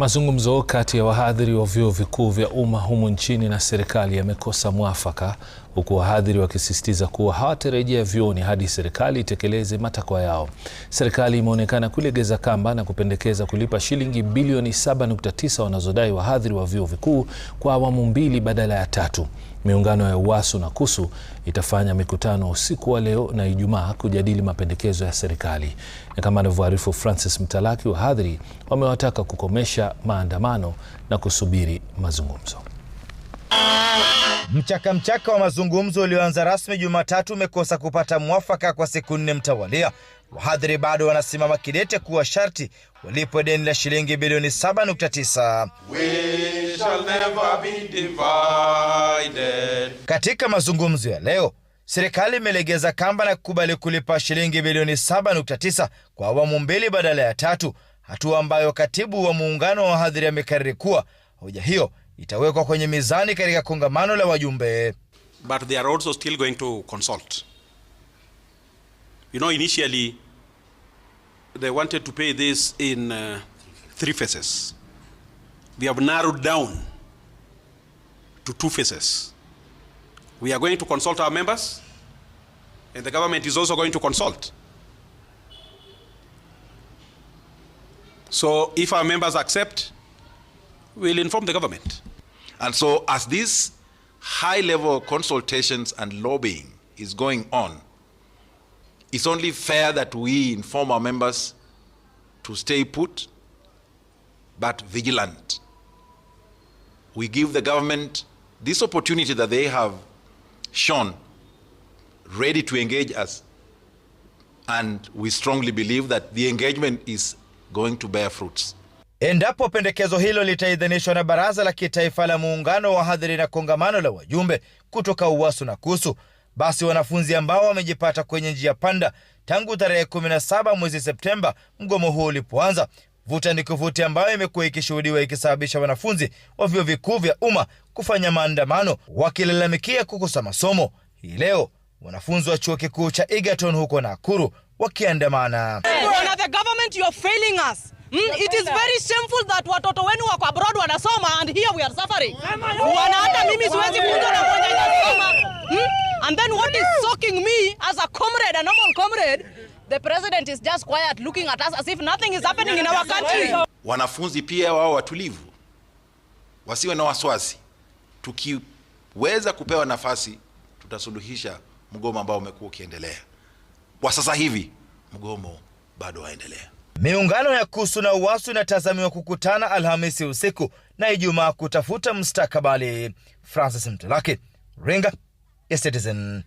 Mazungumzo kati ya wahadhiri wa vyuo vikuu vya umma humu nchini na serikali yamekosa mwafaka huku wahadhiri wakisisitiza kuwa hawatarejea vyuoni hadi serikali itekeleze matakwa yao. Serikali imeonekana kulegeza kamba na kupendekeza kulipa shilingi bilioni 7.9 wanazodai wahadhiri wa vyuo vikuu kwa awamu mbili badala ya tatu. Miungano ya UWASU na KUSU itafanya mikutano usiku wa leo na Ijumaa kujadili mapendekezo ya serikali, na kama anavyoarifu Francis Mtalaki, wahadhiri wamewataka kukomesha maandamano na kusubiri mazungumzo. Mchaka mchaka wa mazungumzo ulioanza rasmi Jumatatu umekosa kupata mwafaka kwa siku nne mtawalia. Wahadhiri bado wanasimama kidete kuwa sharti walipo deni la shilingi bilioni 7.9. Katika mazungumzo ya leo, serikali imelegeza kamba na kukubali kulipa shilingi bilioni 7.9 kwa awamu mbili badala ya tatu, hatua ambayo katibu wa muungano wa wahadhiri amekariri kuwa hoja hiyo itawekwa kwenye mizani katika kongamano la wajumbe. But they are also still going to consult. You know, initially they wanted to pay this in uh, three phases. We have narrowed down to two phases. We are going to consult our members and the government is also going to consult. So if our members accept, we'll inform the government. And so, as this high level consultations and lobbying is going on, it's only fair that we inform our members to stay put but vigilant. We give the government this opportunity that they have shown, ready to engage us. And we strongly believe that the engagement is going to bear fruits. Endapo pendekezo hilo litaidhinishwa na Baraza la Kitaifa la Muungano wa hadhiri na kongamano la wajumbe kutoka UWASU na KUSU, basi wanafunzi ambao wamejipata kwenye njia panda tangu tarehe 17 mwezi Septemba mgomo huo ulipoanza, vuta ni kuvuti ambayo imekuwa ikishuhudiwa ikisababisha wanafunzi wa vyuo vikuu vya umma kufanya maandamano wakilalamikia kukosa masomo. Hii leo wanafunzi wa chuo kikuu cha Egerton huko Nakuru wakiandamana. Mm, it is very shameful that watoto wenu wako abroad wanasoma and here we are suffering. Wana hata mimi siwezi kuja na mwenye nasoma. Hmm? And then what is shocking me as a comrade, a normal comrade, the president is just quiet looking at us as if nothing is happening in our country. Wanafunzi pia wao watulivu. Wasiwe na wasiwasi. Tukiweza kupewa nafasi tutasuluhisha mgomo ambao umekuwa ukiendelea. Kwa sasa hivi mgomo bado waendelea. Miungano ya KUSU na UWASU inatazamiwa kukutana Alhamisi usiku na Ijumaa kutafuta mstakabali. Francis Mtalaki, Ringa ya Citizen.